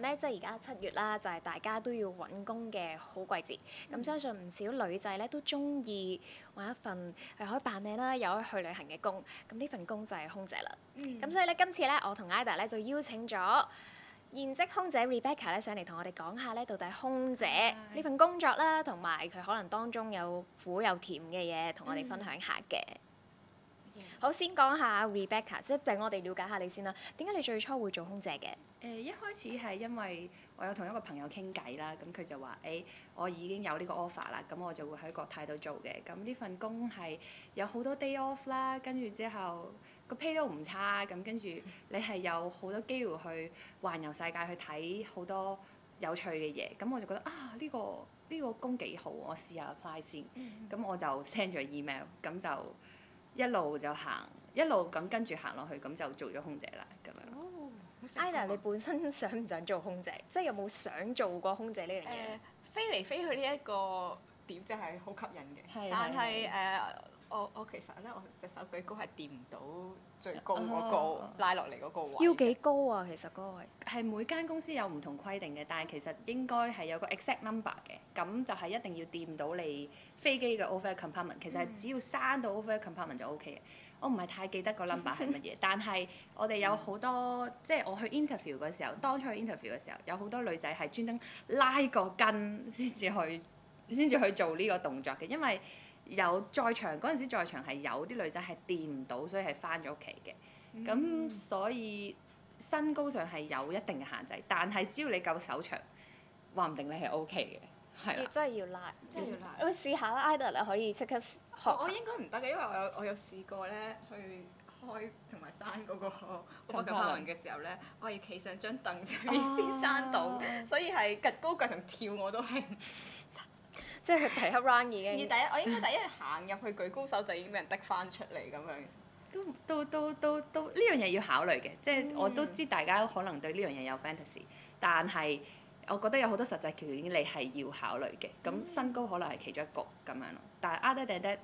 咧即係而家七月啦，就係大家都要揾工嘅好季節。咁相信唔少女仔咧都中意揾一份係可以扮靚啦，又可以去旅行嘅工。咁呢份工就係空姐啦。咁所以咧，今次咧，我同 Ida 咧就邀請咗現職空姐 Rebecca 咧上嚟同我哋講下咧，到底係空姐呢份工作啦，同埋佢可能當中有苦又甜嘅嘢，同我哋分享下嘅。好，先講下 Rebecca，即係令我哋瞭解下你先啦。點解你最初會做空姐嘅？誒、呃、一開始係因為我有同一個朋友傾偈啦，咁佢就話誒、欸、我已經有呢個 offer 啦，咁我就會喺國泰度做嘅。咁呢份工係有好多 day off 啦，跟住之後個 pay 都唔差，咁跟住你係有好多機會去環遊世界，去睇好多有趣嘅嘢。咁我就覺得啊，呢個呢個工幾好，我試下 apply 先。咁、mm hmm. 我就 send 咗 email，咁就一路就行，一路咁跟住行落去，咁就做咗空姐啦。咁樣。Oh. Ada，你本身想唔想做空姐？即係有冇想做過空姐呢樣嘢？誒、呃，飛嚟飛去呢一個點真係好吸引嘅。係是的 但係誒、呃，我我其實咧，我隻手舉高係掂唔到最高嗰個拉落嚟嗰個位。哦。要幾高啊？其實嗰個位。係每間公司有唔同規定嘅，但係其實應該係有個 exact number 嘅。咁就係一定要掂到你飛機嘅 over compartment。其實只要閂到 over compartment 就 OK 嘅。嗯。我唔係太記得個 number 係乜嘢， 但係我哋有好多，即係我去 interview 嘅時候，當初去 interview 嘅時候，有好多女仔係專登拉個筋先至去，先至去做呢個動作嘅，因為有在場嗰陣時，在場係有啲女仔係掂唔到，所以係翻咗屋企嘅。咁、嗯、所以身高上係有一定嘅限制，但係只要你夠手長，話唔定你係 OK 嘅。係啊，真係要拉，真係要拉。嗯、我試下啦，Ida 你可以即刻。我我應該唔得嘅，因為我有我有試過咧，去開同埋閂嗰個波波嘅時候咧，我要企上張凳上面先閂到，所以係趌高趌同跳我都係即係皮克 run o 已經。而第一我應該第一行入去舉高手就已經俾人逼翻出嚟咁樣。都都都都都呢樣嘢要考慮嘅，即係我都知大家可能對呢樣嘢有 fantasy，但係我覺得有好多實際條件你係要考慮嘅，咁身高可能係其中一個咁樣咯。但係 other that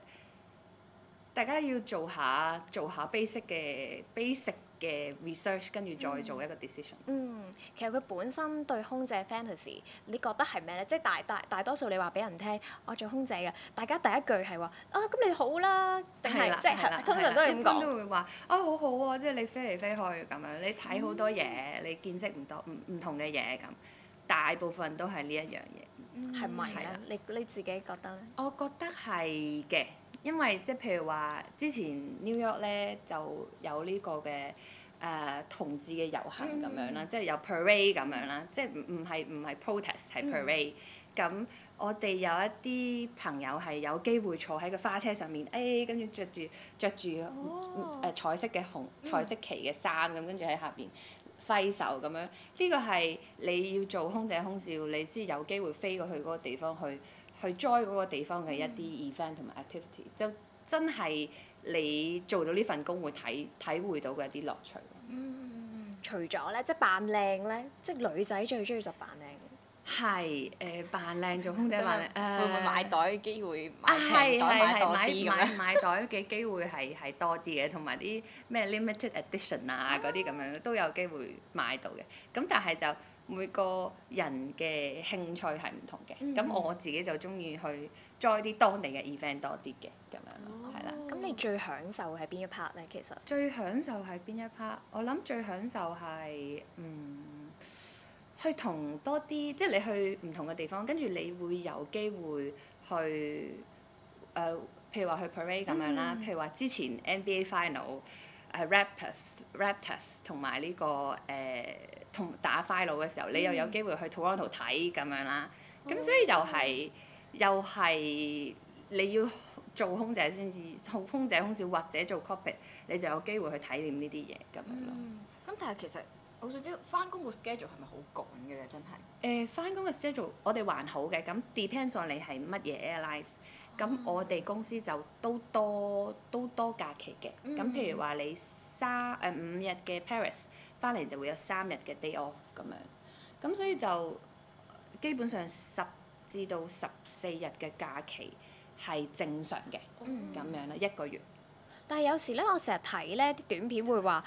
大家要做下做下 basic 嘅 basic 嘅 research，跟住再做一個 decision、嗯。嗯，其實佢本身對空姐 fantasy，你覺得係咩咧？即係大大大多數你話俾人聽，我做空姐嘅，大家第一句係話啊，咁你好啦，定係即係通常都係咁講。都會話啊好好喎，啊，即係你飛嚟飛去咁樣，你睇好多嘢，嗯、你見識唔多唔唔同嘅嘢咁，大部分都係呢一樣嘢。係咪咧？你你自己覺得咧？我覺得係嘅，因為即係譬如話之前 New York 咧就有呢個嘅誒、呃、同志嘅遊行咁樣啦，即係、嗯、有 parade 咁樣啦，即係唔唔係唔係 protest 係 parade。咁 par、嗯、我哋有一啲朋友係有機會坐喺個花車上面，誒跟住着住着住誒彩色嘅紅彩色旗嘅衫咁，跟住喺下邊，揮手咁樣，呢個係你要做空姐空少，你先有機會飛過去嗰個地方去去 join 嗰個地方嘅一啲 event 同埋 activity，嗯，就真係你做到呢份工會體體會到嘅一啲樂趣。嗯，除咗咧，即係扮靚咧，即係女仔最鍾意就扮靚。係誒、呃、扮靚做空姐扮靚，問問會唔會買袋嘅機會？啊係係係買買買袋嘅機會係係 多啲嘅，同埋啲咩 limited edition 啊嗰啲咁樣都有機會買到嘅。咁但係就每個人嘅興趣係唔同嘅。咁、嗯、我自己就鍾意去 join 啲當地嘅 event 多啲嘅咁樣咯，係啦。咁、哦、的你最享受係邊一 part 咧？其實最享受係邊一 part？我諗最享受係嗯。去同多啲，即係你去唔同嘅地方，跟住你會有機會去誒、呃，譬如話去 parade 咁樣啦，嗯、譬如話之前 NBA final 係、uh, Raptors Rapt、呢個、Raptors 同埋呢個誒同打 final 嘅時候，你又有機會去 Toronto 睇咁樣啦。咁、嗯、所以又係、嗯、又係你要做空姐先至做空姐空少，或者做 copier，你就有機會去體驗呢啲嘢咁樣咯。咁、嗯嗯、但係其實。好少之，翻工個 schedule 係咪好趕嘅咧？真係誒，翻工嘅 schedule 我哋還好嘅，咁 depends on 你係乜嘢 airlines，咁我哋公司就都多都多假期嘅。咁、mm hmm. 譬如話你三誒五日嘅 Paris 翻嚟就會有三日嘅 day off 咁樣，咁所以就基本上十至到十四日嘅假期係正常嘅咁、mm hmm. 樣啦，一個月。但係有時咧，我成日睇咧啲短片會話。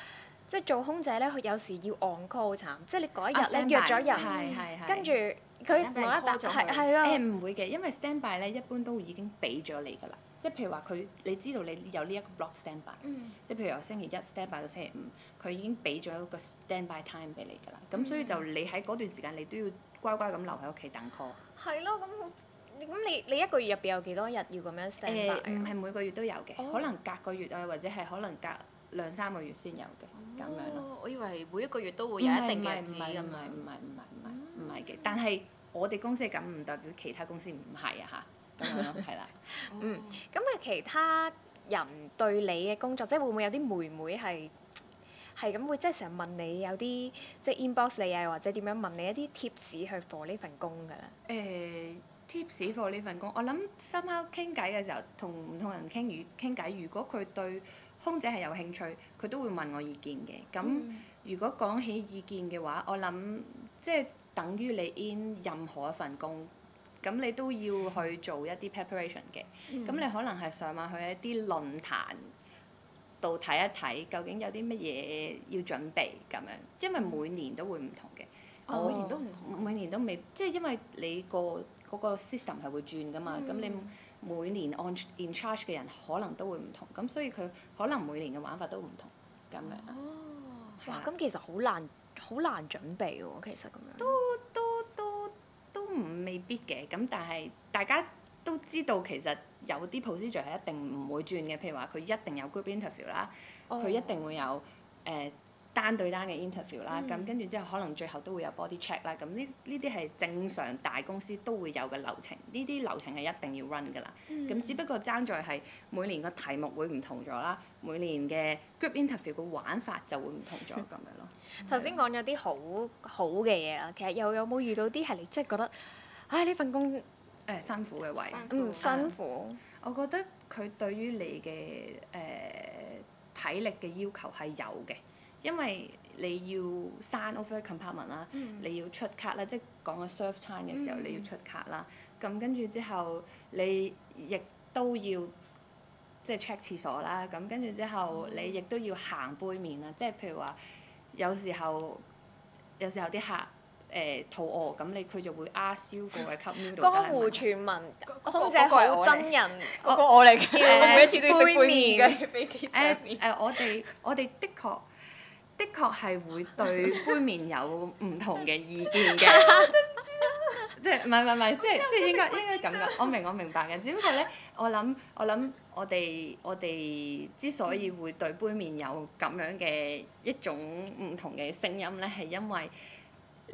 即係做空姐咧，佢有時要 on call，好慘！即係你嗰一日咧約咗人，跟住佢冇得打係係咯，唔、欸、會嘅，因為 stand by 咧一般都已經俾咗你㗎啦。即係譬如話佢，你知道你有呢一個 block standby，、嗯、即係譬如話星期一 stand by 到星期五，佢已經俾咗一個 stand by time 俾你㗎啦。咁、嗯、所以就你喺嗰段時間，你都要乖乖咁留喺屋企等 call。係咯，咁咁你你一個月入邊有幾多日要咁樣 stand by 嘅、欸？唔係每個月都有嘅，哦、可能隔個月啊，或者係可能隔。兩三個月先有嘅，咁樣咯。我以為每一個月都會有一定嘅資。唔係唔係唔係唔係唔係唔係嘅，但係我哋公司係咁，唔代表其他公司唔係啊嚇，咁樣咯，係啦。嗯，咁啊其他人對你嘅工作，即係會唔會有啲妹妹係係咁會即係成日問你有啲即係 inbox 你啊，或者點樣問你一啲 tips 去 for 呢份工㗎啦？誒，tipsfor 呢份工，我諗深口傾偈嘅時候，同唔同人傾語傾偈，如果佢對。空姐係有興趣，佢都會問我意見嘅。咁、嗯、如果講起意見嘅話，我諗即係等於你 in 任何一份工，咁你都要去做一啲 preparation 嘅。咁、嗯、你可能係上網去一啲論壇度睇一睇，究竟有啲乜嘢要準備咁樣，因為每年都會唔同嘅，每年、嗯、都唔同，哦、每年都未，即係因為你、個嗰個 system 係會轉噶嘛，咁、嗯、你。每年按 in charge 嘅人可能都會唔同，咁所以佢可能每年嘅玩法都唔同咁樣哦，是哇！咁其實好難好難準備喎、啊，其實咁樣都都都都唔未必嘅，咁但係大家都知道其實有啲 procedure 係一定唔會轉嘅，譬如話佢一定有 group interview 啦、哦，佢一定會有誒。呃單對單嘅 interview 啦、嗯，咁跟住之後可能最後都會有 body check 啦。咁呢呢啲係正常大公司都會有嘅流程，呢啲流程係一定要 run 噶啦。咁、嗯、只不過爭在係每年個題目會唔同咗啦，每年嘅 group interview 嘅玩法就會唔同咗咁樣咯。頭先講咗啲好好嘅嘢啊。其實又有冇遇到啲係你真係覺得唉呢份工誒辛苦嘅位？嗯，辛苦。嗯、我覺得佢對於你嘅誒、呃、體力嘅要求係有嘅。.因為你要 sign over confirmation 啦，mm. 你要出卡啦，即、就、係、是、講個 serve time 嘅時候、mm. 你要出卡啦。咁跟住之後，你亦都要即係 check 廁所啦。咁跟住之後，你亦都要行杯麪啦。即係譬如話，有時候有時候啲客誒、欸、肚餓，咁你佢就會阿燒過嚟吸呢 e 江湖傳聞空姐好憎人。個餓嚟嘅，我每 一次杯麪嘅飛機上面。啊啊啊、我哋我哋的，的確。 的確係會對杯麵有唔同嘅意見嘅， 啊、 即係唔係唔係， 即係即係應該應該咁噶，我明我明白嘅、嗯。只不過咧，我諗我諗我哋我哋之所以會對杯麵有咁樣嘅一種唔同嘅聲音咧，係因為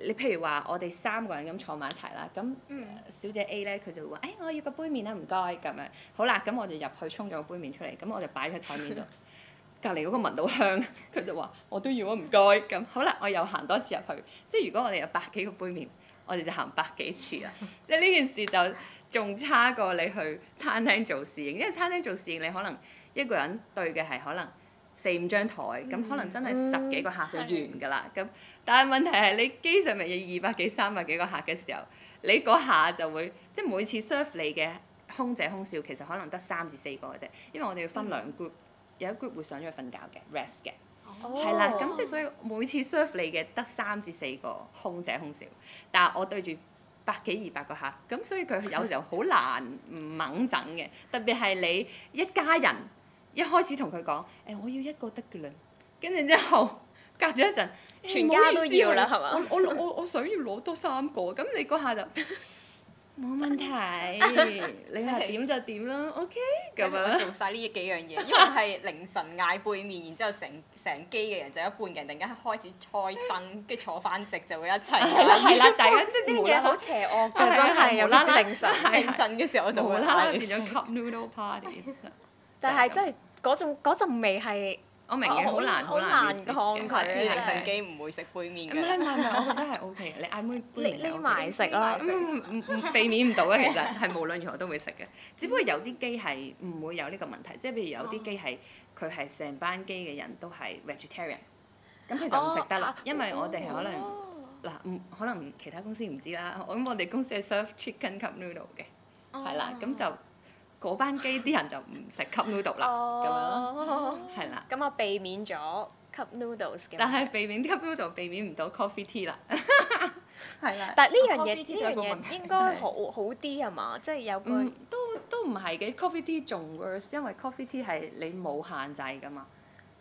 你譬如話我哋三個人咁坐埋一齊啦，咁小姐 A 咧佢就會話：誒、哎、我要個杯麵啦，唔該咁樣。好啦，咁我哋入去沖咗個杯麵出嚟，咁我就擺喺台面度。 隔離嗰個聞到香，佢就話：我都要，我唔該。咁好啦，我又行多次入去。即係如果我哋有百幾個杯麪，我哋就行百幾次啦。 即係呢件事就仲差過你去餐廳做侍應，因為餐廳做侍應你可能一個人對嘅係可能四五張台，咁、嗯、可能真係十幾個客就完㗎啦。咁、嗯、但係問題係你機上咪要二百幾三百幾個客嘅時候，你嗰下就會即係每次 serve 你嘅空姐空少其實可能得三至四個嘅啫，因為我哋要分兩 group。嗯有一 group 會上咗去瞓覺嘅 rest 嘅，係啦、oh.，咁即係所以每次 serve 你嘅得三至四個空姐空少，但係我對住百幾二百個客，咁所以佢有時候好難掹整嘅，特別係你一家人一開始同佢講，誒、欸、我要一個得嘅啦，跟住之後隔住一陣，全家都要啦係嘛？我我我想要攞多三個，咁你嗰下就～冇問題，你話點就點啦，OK，咁樣。做晒呢幾樣嘢，因為係凌晨嗌杯麪，然之後成成機嘅人就一半人突然間開始開燈，跟住坐翻直就會一齊。係啦，突然即係啲嘢好邪惡㗎，都係無啦啦凌晨。凌晨嘅時候就，無啦啦變咗 cup noodle party，但係真係嗰陣嗰陣味係。我明嘅，好難，好難抗拒。有啲機唔會食杯麪嘅。唔係唔係，我覺得係 O K 嘅。你嗌妹拎拎埋食啦。唔唔唔，避免唔到嘅，其實係無論如何都會食嘅。只不過有啲機係唔會有呢個問題，即係譬如有啲機係佢係成班機嘅人都係 vegetarian，咁佢就唔食得啦。因為我哋係可能嗱，唔可能其他公司唔知啦。咁我哋公司係 serve chicken cup noodle 嘅，係啦，咁就。嗰班機啲人就唔食 cup noodles 啦，咁樣，係啦。咁我避免咗 cup noodles 嘅。但係避免 cup noodles 避免唔到 coffee tea 啦。係啦。但，呢樣嘢，呢樣嘢應該好好啲係嘛？即係有個。都都唔係嘅，coffee tea 仲 worse，因為 coffee tea 係你冇限制㗎嘛，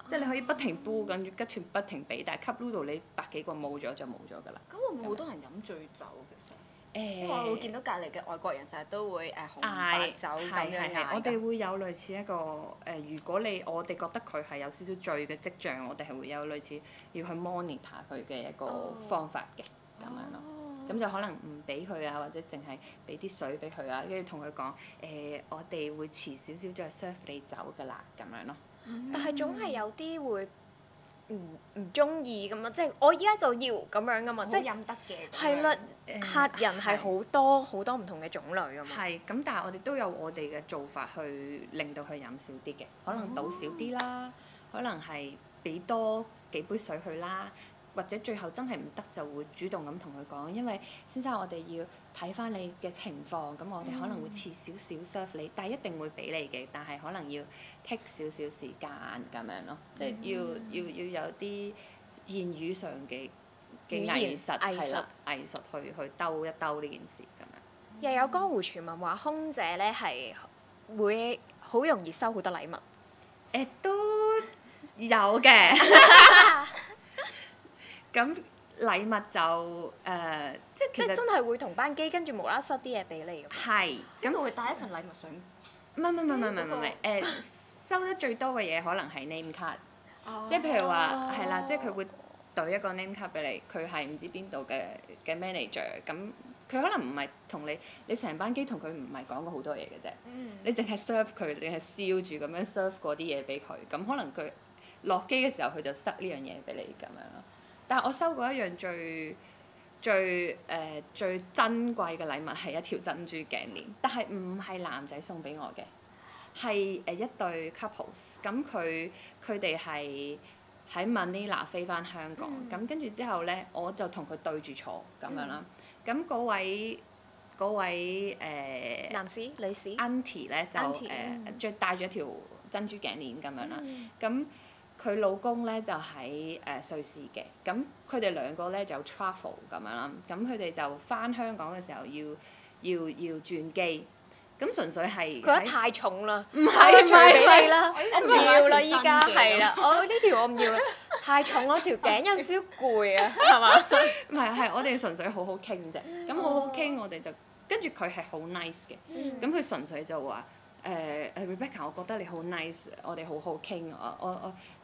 即係你可以不停煲緊跟住不停俾，但係 cup noodles 你百幾個冇咗就冇咗㗎啦。咁會唔會好多人飲醉酒其實？因為會見到隔籬嘅外國人成日都會誒紅酒白酒咁唉樣嗌，係係係，我哋會有類似一個誒、呃，如果你我哋覺得佢係有少少醉嘅跡象，我哋係會有類似要去 monitor 佢嘅一個方法嘅咁、哦、樣咯，咁、哦、就可能唔俾佢啊，或者淨係俾啲水俾佢啊，跟住同佢講誒，我哋會遲少少再 serve 你酒㗎啦咁樣咯，嗯嗯、但係總係有啲會。唔唔中意咁啊，即係我依家就要咁樣噶嘛，即係飲得嘅。係啦，嗯、客人係好多好、嗯、多唔同嘅種類噶嘛。係，咁但係我哋都有我哋嘅做法去令到佢飲少啲嘅，可能倒少啲啦，哦、可能係俾多幾杯水去啦。或者最後真係唔得就會主動咁同佢講，因為先生，我哋要睇返你嘅情況，咁我哋可能會遲少少 serve 你，但係一定會俾你嘅，但係可能要 take 少少時間咁樣咯，即、就、係、是、要、嗯、要要有啲言語上嘅嘅藝術係啦，藝術去去兜一兜呢件事咁樣。嗯、又有江湖傳聞話空姐咧係會好容易收好多禮物。誒、欸、都有嘅。 咁禮物就誒，呃、即係即係真係會同班機跟住無啦啦塞啲嘢俾你咁。係咁，會帶一份禮物上。唔係唔係唔係唔係唔係唔係誒，收得最多嘅嘢可能係 name card，oh. 即係譬如話係、oh. 啦，即係佢會對一個 name card 俾你，佢係唔知邊度嘅嘅 manager。咁佢可能唔係同你，你成班機同佢唔係講過好多嘢嘅啫。Mm. 你淨係 serve 佢，淨係笑住咁樣 serve 過啲嘢俾佢。咁可能佢落機嘅時候，佢就塞呢樣嘢俾你咁樣。但係我收過一樣最最誒、呃、最珍貴嘅禮物係一條珍珠頸鏈，但係唔係男仔送俾我嘅，係誒一對 couples，咁佢佢哋係喺 Manila 飛翻香港，咁跟住之後咧，我就同佢對住坐咁樣啦，咁嗰、嗯、位嗰、那個、位誒、呃、男士女士 Auntie 咧就誒著戴住一條珍珠頸鏈咁樣啦，咁、嗯。嗯佢老公咧就喺誒瑞士嘅，咁佢哋兩個咧就 travel 咁樣啦，咁佢哋就翻香港嘅時候要要要轉機，咁純粹係覺得太重啦，唔係唔係啦，我唔要啦依家係啦，哦呢條我唔要啦，太重啦條頸有少攰啊，係嘛？唔係係我哋純粹好好傾啫，咁好好傾我哋就跟住佢係好 nice 嘅，咁佢純粹就話誒誒 Rebecca，我覺得你好 nice，我哋好好傾，我我我。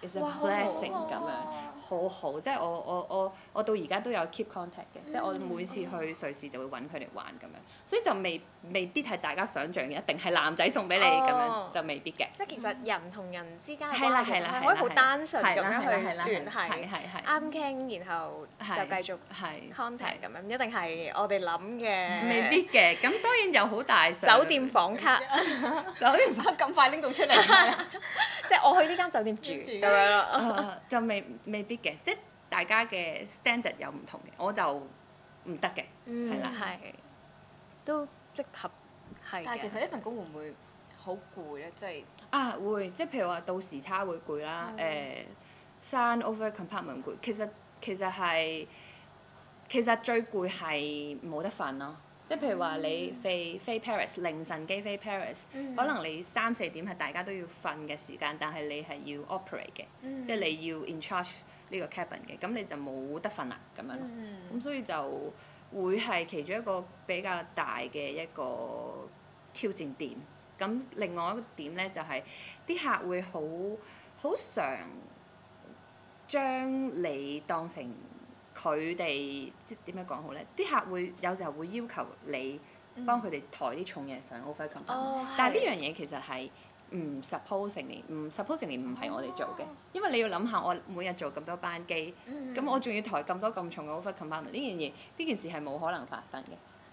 其實 blessing 咁樣，好好，即係我我我我到而家都有 keep contact 嘅，即係我每次去瑞士就會揾佢哋玩咁樣，所以就未未必係大家想象嘅一定係男仔送俾你咁樣，就未必嘅。即係其實人同人之間係啦係啦可以好單純咁樣去聯繫，啱傾然後就繼續 contact 咁樣，唔一定係我哋諗嘅。未必嘅，咁當然有好大。酒店房卡，酒店房卡咁快拎到出嚟，即係我去呢間酒店住。 就未未必嘅，即係大家嘅 standard 有唔同嘅，我就唔得嘅，係啦、嗯了，都即合。係，但係其實呢份工會唔會好攰咧？即、就、係、是、啊，會，即係譬如話到時差會攰啦，誒、嗯呃，山 over compartment 會攰。其實其實係，其實最攰係冇得瞓咯。即係譬如話，你飛、mm hmm. 飛 Paris 凌晨機飛 Paris，mm hmm. 可能你三四點係大家都要瞓嘅時間，但係你係要 operate 嘅，mm hmm. 即係你要 in charge 呢個 cabin 嘅，咁你就冇得瞓啦咁樣囉。咁、mm hmm. 所以就會係其中一個比較大嘅一個挑戰點。咁另外一個點咧就係、是、啲客會好好常將你當成。佢哋點樣講好咧？啲客會有時候會要求你幫佢哋抬啲重嘢上 overhead compartment，f 但係呢樣嘢其實係唔 suppose 成年，唔 suppose 成年唔係我哋做嘅。因為你要諗下，我每日做咁多班機，咁、嗯、我仲要抬咁多咁重嘅 overhead compartment，f 呢樣嘢呢件事係冇可能發生嘅。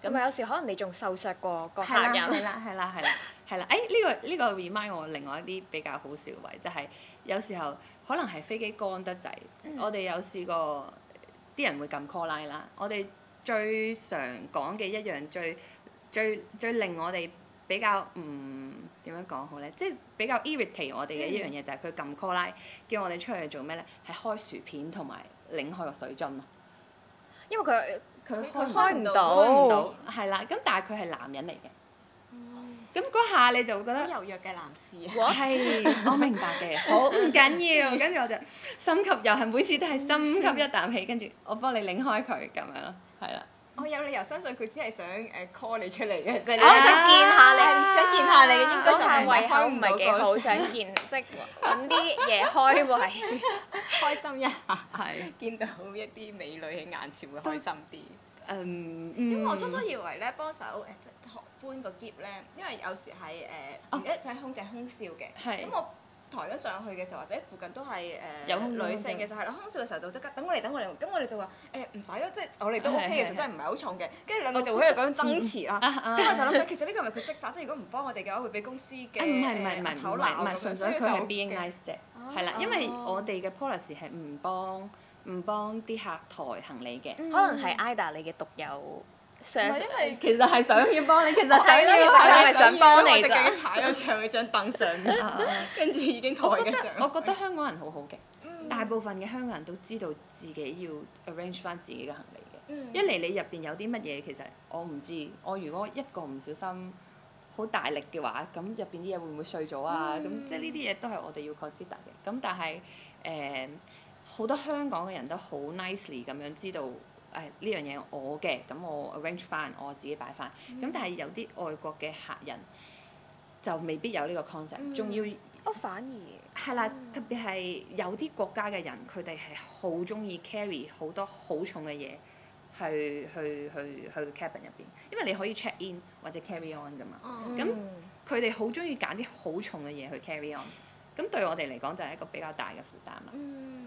咁啊，有時可能你仲受傷過個客人。係啦，係啦，係啦，係啦，係啦，誒呢個呢個 remind 我另外一啲比較好笑嘅位就係有時候可能係飛機乾得滯，我哋有試過。嗯 嗯嗯嗯嗯啲人會撳 call 拉啦，我哋最常講嘅一樣最最最令我哋比較唔點、嗯、樣講好咧，即係比較 irritate 我哋嘅一樣嘢、嗯、就係佢撳 call 拉，叫我哋出去做咩咧？係開薯片同埋擰開個水樽咯，因為佢佢佢開唔到，唔到。係啦，咁但係佢係男人嚟嘅。咁嗰下你就會覺得好柔弱嘅男士係，我明白嘅。好，唔緊要。跟住我就心急，又係每次都係心急一啖氣。跟住我幫你擰開佢咁樣咯，係啦。我有理由相信佢只係想誒 call 你出嚟嘅，我想見下你，想見下你。應該就係胃口唔係幾好，想見即係揾啲嘢開胃，開心一下。係。見到一啲美女喺眼前會開心啲。嗯。因為我初初以為咧幫手搬個夾咧，因為有時係誒一隻空姐空少嘅，咁我抬咗上去嘅時候，或者附近都係誒有女性嘅，就係空少嘅時候就即刻等我嚟等我嚟，咁我哋就話誒唔使咯，即係我哋都 OK 嘅，其實真係唔係好重嘅，跟住兩個就喺度咁樣爭持啦。跟住我就諗，其實呢個係咪佢職責，即係如果唔幫我哋嘅話，會俾公司嘅炒鬧？唔係唔係唔係唔係唔係，純粹佢 being nice 啫，係啦，因為我哋嘅 policy 係唔幫唔幫啲客抬行李嘅，可能係 Ida 你嘅獨有。Sir, 因為其實係想要幫你，其實係因為想幫你咋。 我自己踩咗上嗰張凳上，跟住 已經台嘅我，我覺得香港人好好嘅，嗯、大部分嘅香港人都知道自己要 arrange 翻自己嘅行李嘅。嗯、一嚟你入邊有啲乜嘢，其實我唔知。我如果一個唔小心，好大力嘅話，咁入邊啲嘢會唔會碎咗啊？咁、嗯、即係呢啲嘢都係我哋要 consider 嘅。咁但係誒，好、嗯、多香港嘅人都好 nicely 咁樣知道。誒呢樣嘢我嘅，咁我 arrange 翻，我自己擺翻。咁、嗯、但係有啲外國嘅客人就未必有呢個 concept，仲、嗯、要哦反而係啦，的嗯、特別係有啲國家嘅人，佢哋係好中意 carry 好多好重嘅嘢去去去去，去，去 cabin 入邊，因為你可以 check in 或者 carry on 噶嘛。咁佢哋好中意揀啲好重嘅嘢去 carry on。咁對我哋嚟講就係一個比較大嘅負擔啦。嗯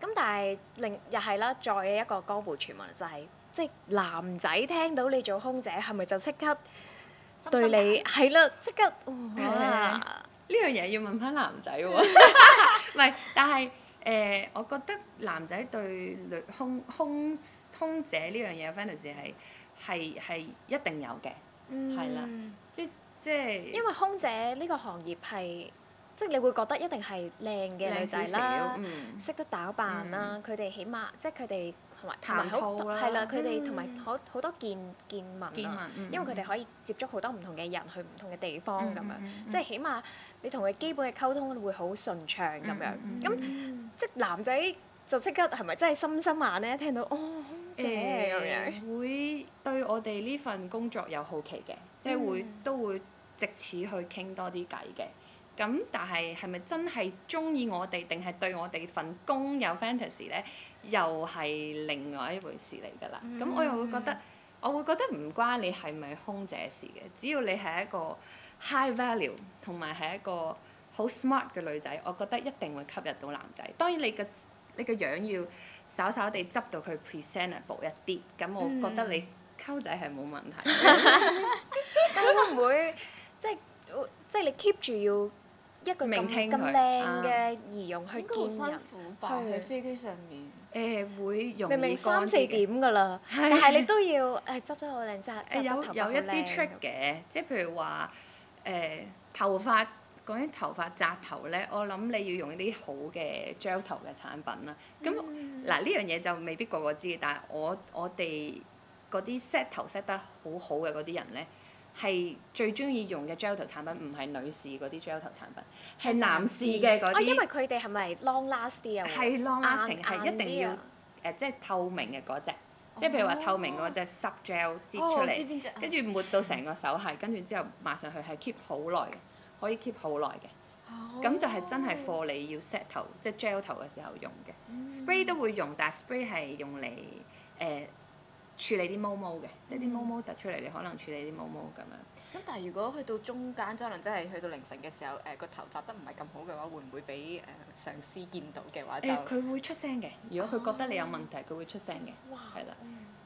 咁但係，另又係啦，再有一個江湖傳聞就係、是，即係男仔聽到你做空姐，係咪就即刻對你係啦，即刻哇，呢樣嘢要問翻男仔喎、哦，唔 係， 但係誒、呃，我覺得男仔對女空空空姐呢樣嘢，fantasy 係係係一定有嘅，係啦、嗯，即即係。因為空姐呢個行業係。即係你會覺得一定係靚嘅女仔啦，識得打扮啦，佢哋起碼即係佢哋同埋談吐啦，係啦，佢哋同埋好好多見見聞啊，因為佢哋可以接觸好多唔同嘅人，去唔同嘅地方咁樣，即係起碼你同佢基本嘅溝通會好順暢咁樣。咁即係男仔就即刻係咪真係心心眼咧？聽到哦，姐咁樣會對我哋呢份工作有好奇嘅，即係會都會藉此去傾多啲偈嘅。咁但係係咪真係中意我哋，定係對我哋份工有 fantasy 咧？又係另外一回事嚟㗎啦。咁、mm hmm. 我又會覺得，我會覺得唔關你係咪空姐事嘅，只要你係一個 high value，同埋係一個好 smart 嘅女仔，我覺得一定會吸引到男仔。當然你嘅你個樣要稍稍地執到佢 presentable 一啲，咁我覺得你溝仔係冇問題。咁會唔會即係即係你 keep 住要？一個咁咁靚嘅儀容去堅入，喺飛機上面。誒、呃、會用明明三四點噶啦，的但係你都要誒執得好靚紮，扎、呃、有有一啲 trick 嘅，即係譬如話誒、呃、頭髮，講起頭髮紮頭咧，我諗你要用一啲好嘅 gel 頭嘅產品啦。咁嗱呢樣嘢就未必個個知，但係我我哋嗰啲 set 頭 set 得好好嘅嗰啲人咧。係最中意用嘅 gel 頭產品，唔係女士嗰啲 gel 頭產品，係男士嘅嗰啲。因為佢哋係咪 long last 啲啊？係 long lasting，係一定要誒、呃，即係透明嘅嗰隻，哦、即係譬如話透明嗰隻 sub gel 擠出嚟，跟住、哦、抹到成個手係，跟住之後馬上去係 keep 好耐，可以 keep 好耐嘅。哦。咁就係真係 for 你要 set 頭，即係 gel 頭嘅時候用嘅。嗯、spray 都會用，但係 spray 係用嚟誒。呃處理啲毛毛嘅，即係啲毛毛突出嚟，你可能處理啲毛毛咁樣。咁但係如果去到中間，即係可能即係去到凌晨嘅時候，誒個頭紮得唔係咁好嘅話，會唔會俾誒上司見到嘅話就？誒，佢會出聲嘅。如果佢覺得你有問題，佢會出聲嘅。哇！係啦，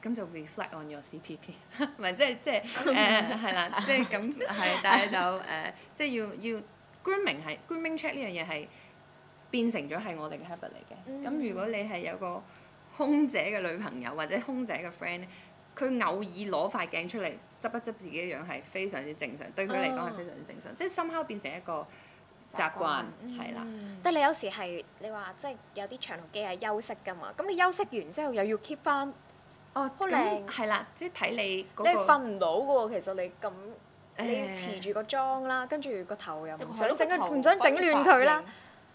咁就 reflect on your CPP，唔係即係即係誒係啦，即係咁係，但係就誒即係要要 grooming 係 grooming check 呢樣嘢係變成咗係我哋嘅 habit 嚟嘅。咁如果你係有個空姐嘅女朋友或者空姐嘅 friend 咧，佢偶爾攞塊鏡出嚟執一執自己嘅樣，係非常之正常。對佢嚟講係非常之正常，即係深刻變成一個習慣係啦。但係你有時係你話即係有啲長途機係休息㗎嘛？咁你休息完之後又要 keep 返哦，好靚。係啦，即係睇你嗰個。瞓唔到㗎喎，其實你咁你要持住個妝啦，跟住個頭又唔想整，唔想整亂佢啦。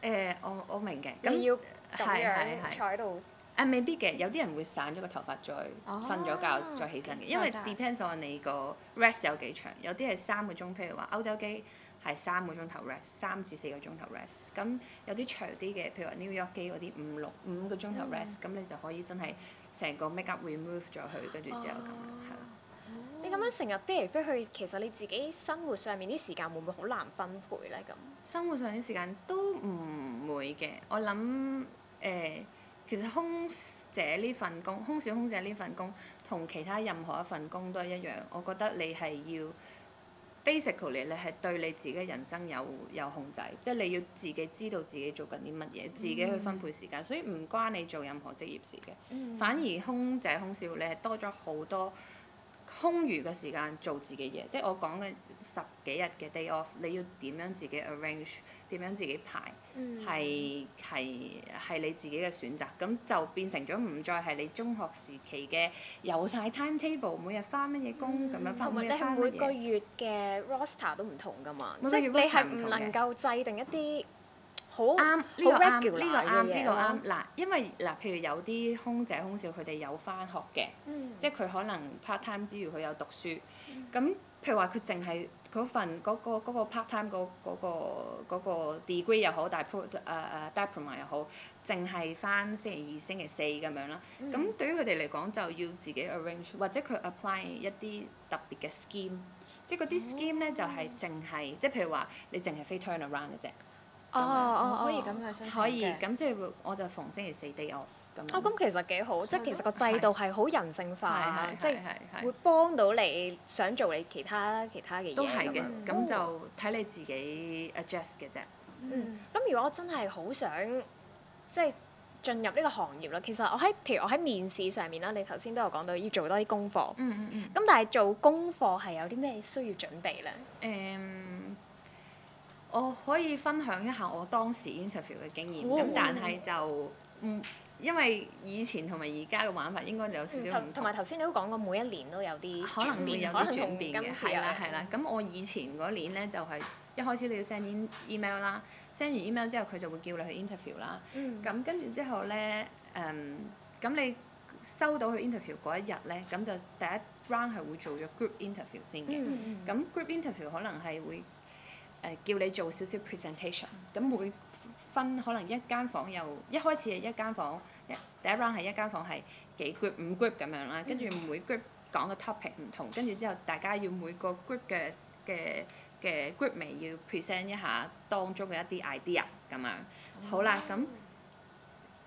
誒，我我明嘅。你要咁樣坐喺度。誒、啊、未必嘅，有啲人會散咗個頭髮再瞓咗覺，哦、再起身嘅，因為 depends on 你個 rest 有幾長。有啲係三個鐘，譬如話歐洲機係三個鐘頭 rest，三至四個鐘頭 rest。咁有啲長啲嘅，譬如話紐約機嗰啲五六五個鐘頭 rest，咁、嗯、你就可以真係成個 make up remove 咗佢，跟住之後咁係啦。哦、是你咁樣成日飛嚟飛去，其實你自己生活上面啲時間會唔會好難分配咧？咁生活上啲時間都唔會嘅，我諗誒。呃其實空姐呢份工，空少空姐呢份工，同其他任何一份工都係一樣。我覺得你係要 basically，你係對你自己人生有有控制，即係你要自己知道自己做緊啲乜嘢，自己去分配時間。嗯、所以唔關你做任何職業事嘅，嗯、反而空姐空少你係多咗好多。空餘嘅時間做自己嘢，即、就、係、是、我講嘅十幾日嘅 day off，你要點樣自己 arrange，點樣自己排，係係係你自己嘅選擇。咁就變成咗唔再係你中學時期嘅有晒 time table，每日翻乜嘢工咁、嗯、樣翻嘅。同埋你係每個月嘅 roster 都唔同噶嘛，嘛即係你係唔能夠制定一啲。好啱，呢個呢個啱，呢個啱。嗱，因為嗱，譬如有啲空姐、空少，佢哋有返學嘅，即係佢可能 part time 之餘，佢有讀書。咁譬如話，佢淨係嗰份嗰個 part time 嗰嗰個嗰個 degree 又好，但係 pro 呃呃 diploma 又好，淨係返星期二、星期四咁樣啦。咁對於佢哋嚟講，就要自己 arrange，或者佢 apply 一啲特別嘅 scheme。即係嗰啲 scheme 咧，就係淨係即係譬如話，你淨係飛 turnaround 嘅啫。哦哦，可以咁去申請，可以咁，即係我就逢星期四、day off 咁。哦，咁其實幾好，吧即係其實個制度係好人性化，即係對會幫到你想做你其他其他嘅嘢都係嘅，咁樣、哦、就睇你自己 adjust 嘅啫。嗯，咁如果我真係好想即係、就是、進入呢個行業啦，其實我喺譬如我喺面試上面啦，你頭先都有講到要做多啲功課。嗯咁、嗯、但係做功課係有啲咩需要準備咧？誒、嗯。我可以分享一下我當時 interview 嘅經驗，咁、哦、但係就唔，因為以前同埋而家嘅玩法應該就有少少唔同。同埋頭先你都講過每一年都有啲可能會有啲轉變，係啦係啦。咁我以前嗰年咧就係、是、一開始你要 send email 啦，send 完 email 之後佢就會叫你去 interview 啦、嗯。咁跟住之後咧，誒、嗯，咁你收到去 interview 嗰一日咧，咁就第一 round 係會做咗 group interview 先嘅。咁、嗯嗯、group interview 可能係會。誒叫你做少少 presentation，咁每分可能一間房，又一開始係一間房，第一 round 係一間房係幾 group 五 group 咁樣啦，跟住每 group 講嘅 topic 唔同，跟住之後大家要每個 group 嘅嘅嘅 group 咪要 present 一下當中嘅一啲 idea 咁樣，好啦，咁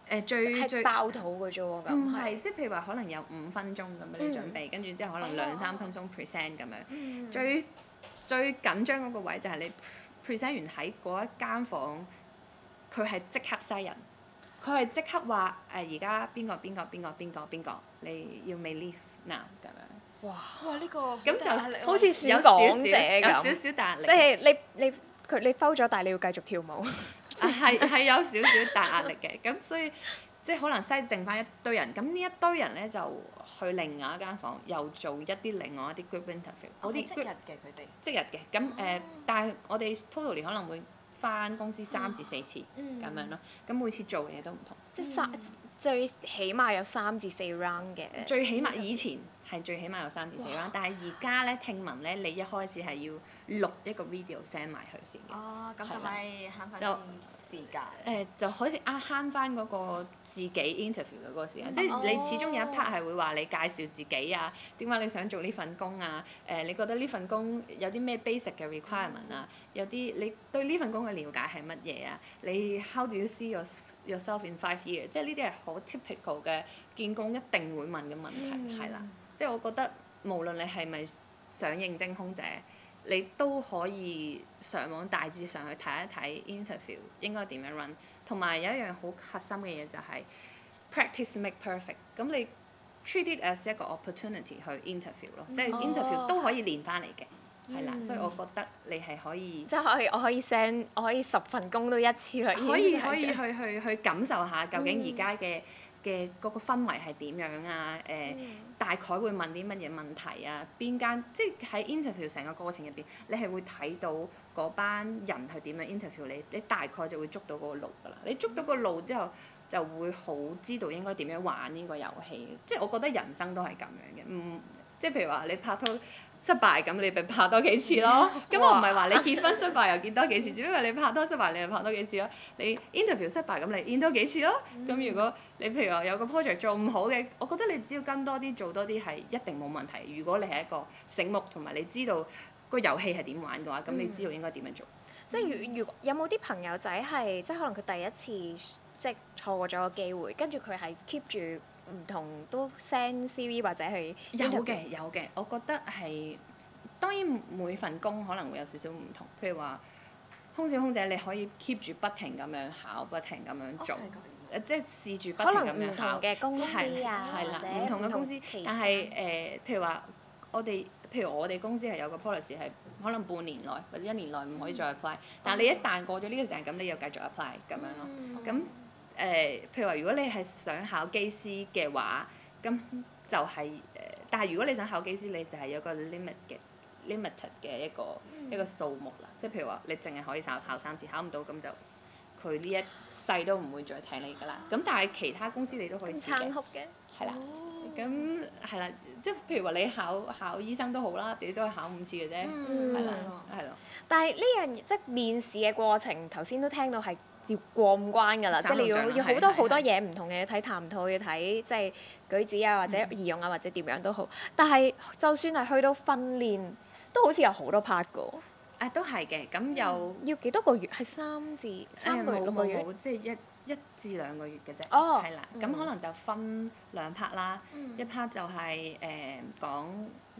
誒最最爆肚嘅啫喎，咁唔係即係譬如話可能有五分鐘咁俾你準備，跟住之後可能兩三分鐘 present 咁樣。最。最緊張嗰個位就係你 present 完喺嗰一間房，佢係即刻篩人，佢係即刻話誒而家邊個邊個邊個邊個邊個你要未 leave now 嗱咁樣。哇！哇！呢、呢個咁大就好似選港姐咁有少少大壓力。即係你你佢你收咗，但係你要繼續跳舞。係 係 有少少大壓力嘅，咁所以即係可能篩剩翻一堆人，咁呢一堆人咧就。去另外一間房，又做一啲另外一啲 group interview、哦。我啲即日嘅佢哋，們即日嘅咁誒，但係我哋 totally 可能會翻公司三至四次咁、嗯、樣咯。咁每次做嘢都唔同。即三、嗯、最起碼有三至四 round 嘅。嗯、最起碼以前係最起碼有三至四 round，哇但係而家咧聽聞咧，你一開始係要錄一個 video send 埋去先嘅。哦，咁就係慳翻啲時間。誒，就好似啊，慳翻嗰個，自己 interview 嗰個時間，即係你始終有一 part 係會話你介紹自己啊，點解你想做呢份工啊？誒、呃，你覺得呢份工有啲咩 basic 嘅 requirement 啊？有啲你對呢份工嘅了解係乜嘢啊？你 how do you see yourself in five years？即係呢啲係好 typical 嘅見工一定會問嘅問題，係啦、嗯。即係我覺得無論你係咪想應徵空姐，你都可以上網大致上去睇一睇 interview，應該點樣 run。同埋有一樣好核心嘅嘢就係 practice make perfect，咁你 treat it as 一個 opportunity 去 interview 咯、嗯，即係 interview、哦、都可以練返嚟嘅，係啦、嗯，所以我覺得你係可以。即係、嗯、可以，我可以 send，我可以十份工都一次去。可以可以去去去感受下究竟而家嘅，嗯嗯嘅嗰個氛圍係點樣啊？誒、呃，mm hmm。大概會問啲乜嘢問題啊？邊間即係喺 interview 成個過程入邊，你係會睇到嗰班人係點樣 interview 你，你大概就會捉到嗰個路㗎喇。你捉到個路之後，就會好知道應該點樣玩呢個遊戲。即係我覺得人生都係咁樣嘅，嗯，即係譬如話你拍拖。失敗咁你咪拍多幾次咯，咁我唔係話你結婚失敗又見多幾次，只不過你拍多失敗你又拍多幾次咯，你 interview 失敗咁你 in 多幾次咯，咁如果你譬如話有個 project 做唔好嘅，我覺得你只要跟多啲做多啲係一定冇問題，如果你係一個醒目同埋你知道個遊戲係點玩嘅話，咁你知道應該點樣做。嗯、即係如果如果有冇啲朋友仔係即係可能佢第一次即係錯過咗個機會，跟住佢係 keep 住。唔同都 send CV 或者去有嘅有嘅。我覺得係當然每份工可能會有少少唔同，譬如話空少空姐你可以 keep 住不停咁樣考，不停咁樣做，哦、即係試住不停咁樣考嘅公司啊，對或者唔同嘅公司。但係誒、呃，譬如話我哋譬如我哋公司係有個 policy 係可能半年內或者一年內唔可以再 apply、嗯、但係你一旦過咗呢個時間，咁你又繼續 apply 咁樣咯，咁。誒、呃，譬如話，如果你係想考機師嘅話，咁就係、是、誒、呃，但係如果你想考機師，你就係有個 limit 嘅，limit 嘅一個，limited, limited 一，個、嗯、一個數目啦。即係譬如話，你淨係可以考考三次，考唔到咁就佢呢一世都唔會再請你㗎啦。咁但係其他公司你都可以試嘅，係啦。咁係啦，即係譬如話你考考醫生都好啦，你都係考五次嘅啫，係啦，係咯。但係呢樣嘢即係面試嘅過程，頭先都聽到係。要過唔關㗎啦，即係你要要好多好多嘢、唔同嘅嘢睇，談吐要睇，即係舉止啊、或者儀容啊或者點樣都好。但係就算係去到訓練，都好似有好多 part 㗎。啊，都係嘅，咁又要幾多個月？係三至三個月，兩個月，即係一一至兩個月嘅啫。哦。係啦，咁可能就分兩 part 啦。一 part 就係誒講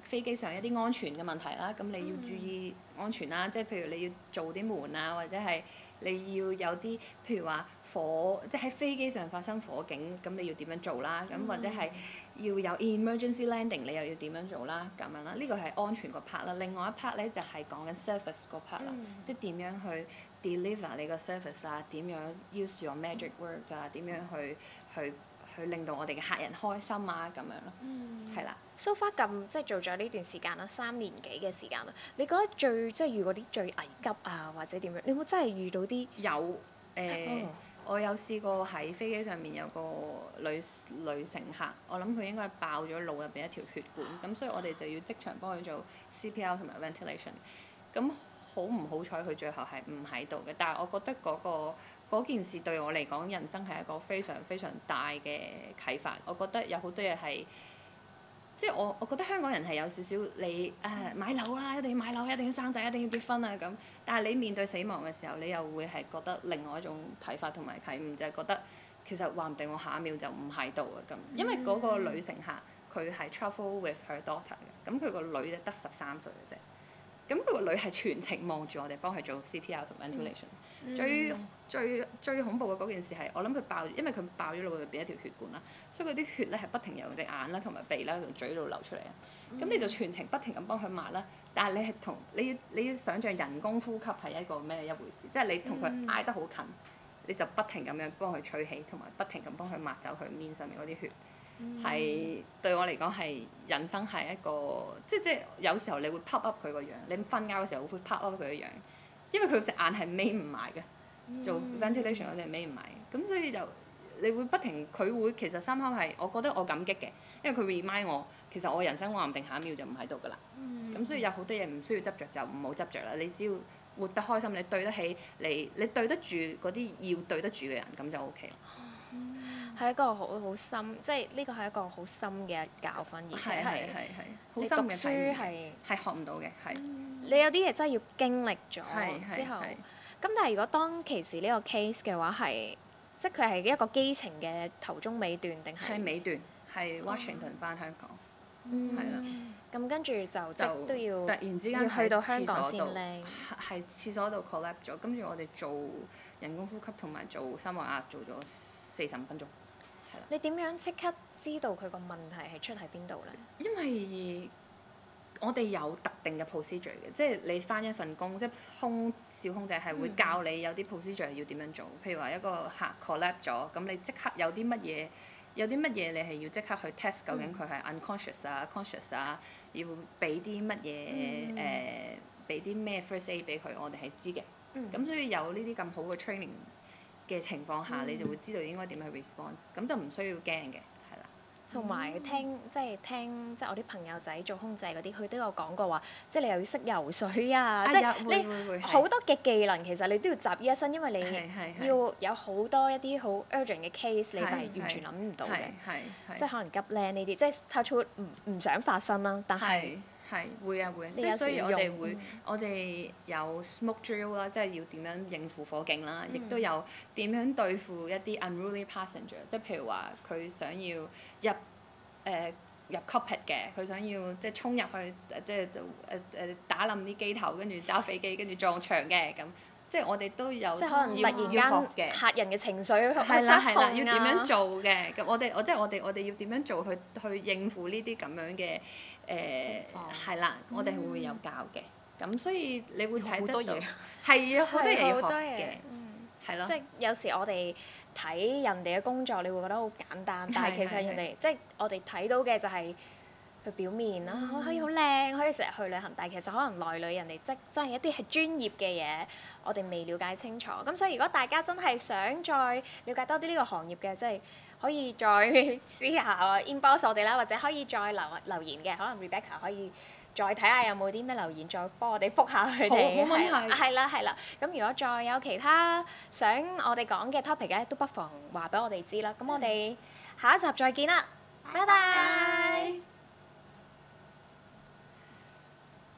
飛機上一啲安全嘅問題啦，咁你要注意安全啦。即係譬如你要做啲門啊，或者係。你要有啲，譬如話火，即係喺飛機上發生火警，咁你要點樣做啦？咁或者係要有 emergency landing，你又要點樣做啦？咁樣啦，呢個係安全個 part 啦。另外一 part 咧，就係講緊 service 個 part 啦，即係點樣去 deliver 你個 service 啊？點樣 use your magic words 啊？點樣去去。去令到我哋嘅客人開心啊，咁樣咯，係啦、嗯。So far 咁即係做咗呢段時間啦，三年幾嘅時間啦，你覺得最即係遇過啲最危急啊，或者點樣？你有冇真係遇到啲？有誒，呃 oh. 我有試過喺飛機上面有個女女乘客，我諗佢應該爆咗腦入邊一條血管，咁、ah. 所以我哋就要即場幫佢做 CPR 同埋 ventilation。咁好唔好彩？佢最後係唔喺度嘅，但係我覺得嗰、那個嗰件事對我嚟講，人生係一個非常非常大嘅啟發。我覺得有好多嘢係即係我，我覺得香港人係有少少你誒、啊、買樓啦，一定要買樓，一定要生仔，一定要結婚啊咁。但係你面對死亡嘅時候，你又會係覺得另外一種睇法同埋啟悟，就係、是、覺得其實話唔定我下一秒就唔喺度啊咁。因為嗰個女乘客佢係 travel with her daughter 嘅，咁佢個女就得十三歲嘅啫。咁佢個女係全程望住我哋幫佢做 CPR 同 Ventilation。嗯、最最最恐怖嘅嗰件事係，我諗佢爆，因為佢爆咗腦入邊一條血管啦，所以佢啲血咧係不停由隻眼啦、同埋鼻啦、同嘴度流出嚟啊。咁、嗯、你就全程不停咁幫佢抹啦，但係你係同你要你要想像人工呼吸係一個咩一回事？即、就、係、係、你同佢挨得好近，你就不停咁樣幫佢吹氣，同埋不停咁幫佢抹走佢面上面嗰啲血。係對我嚟講係人生係一個，即係，即係有時候你會 pop up 佢個樣，你瞓覺嘅時候會 pop up 佢個樣，因為佢隻眼係眯唔埋嘅，嗯、做 ventilation 嗰隻係眯唔埋嘅，咁所以就你會不停佢會其實三亨係我覺得我感激嘅，因為佢 remind 我，其實我人生話唔定下一秒就唔喺度噶啦，咁、嗯、所以有好多嘢唔需要執着，就唔好執着啦，你只要活得開心，你對得起你你對得住嗰啲要對得住嘅人，咁就 OK 啦。係一個好好深，即係呢個係一個好深嘅教訓，而且係好深嘅體驗。你讀書係係學唔到嘅，係你有啲嘢真係要經歷咗之後。咁但係如果當其時呢個 case 嘅話，係即係佢係一個機程嘅頭中尾段定係尾段？係 Washington 返香港，係啦。咁跟住就即都要突然之間去到香港先，係廁所度 collapse 咗，跟住我哋做人工呼吸同埋做心搏壓，做咗四十五分鐘，係啦了。你點樣即刻知道佢個問題係出喺邊度咧？因為我哋有特定嘅 procedure 嘅，即係你返一份工，即係空小空姐係會教你有啲 procedure 要點樣做。譬、嗯、如話一個客 collect 咗，咁你即刻有啲乜嘢？有啲乜嘢你係要即刻去 test 究竟佢係 unconscious 啊 conscious 啊？嗯、啊要俾啲乜嘢誒？俾啲咩 first aid 俾佢？我哋係知嘅。嗯。咁所以有呢啲咁好嘅 training。嘅情況下，嗯、你就會知道應該點去 response 咁就唔需要驚嘅，係啦。同埋、嗯、聽即係、就是、聽即係、就是、我啲朋友仔做空姐嗰啲，佢都有講過話，即係、就是、你又要識游水啊，即係你好多嘅技能其實你都要集於一身，因為你要有好多一啲好 urgent 嘅 case，你就係完全諗唔到嘅，即係可能急呢呢啲，即係 touchwood 唔唔想發生啦，但係是。係會啊會，即係需要我哋會，嗯、我哋有 smoke drill 啦，即係要點樣應付火警啦，亦、嗯、都有點樣對付一啲 unruly passenger，即係譬如話佢想要入誒、呃、入 cockpit 嘅，佢想要即係衝入去，即係就誒誒打冧啲機頭，跟住揸飛機，跟住撞牆嘅咁，即係我哋都有要要學嘅。學嘅客人嘅情緒，了失控、啊、要點樣做嘅？咁我哋我即係我哋我哋要點樣做去去應付呢啲咁樣嘅？誒係啦，我哋會，會有教嘅，咁、嗯、所以你會睇好多嘢，係啊好多嘢學嘅，係咯、嗯。的即係有時我哋睇人哋嘅工作，你會覺得好簡單，的但係其實人哋即係我哋睇到嘅就係佢表面啦、嗯，可以好靚，可以成日去旅行，但係其實可能內裏人哋即真係一啲係專業嘅嘢，我哋未了解清楚。咁所以如果大家真係想再了解多啲呢個行業嘅，即係。可以再試下 inbox 我哋啦，或者可以再留留言嘅，可能 Rebecca 可以再睇下有冇啲咩留言，再幫我哋覆，覆下佢哋。好，冇問題。係啦，係啦。咁如果再有其他想我哋講嘅 topic 咧，都不妨話俾我哋知啦。咁我哋下一集再見啦，拜拜。Bye bye。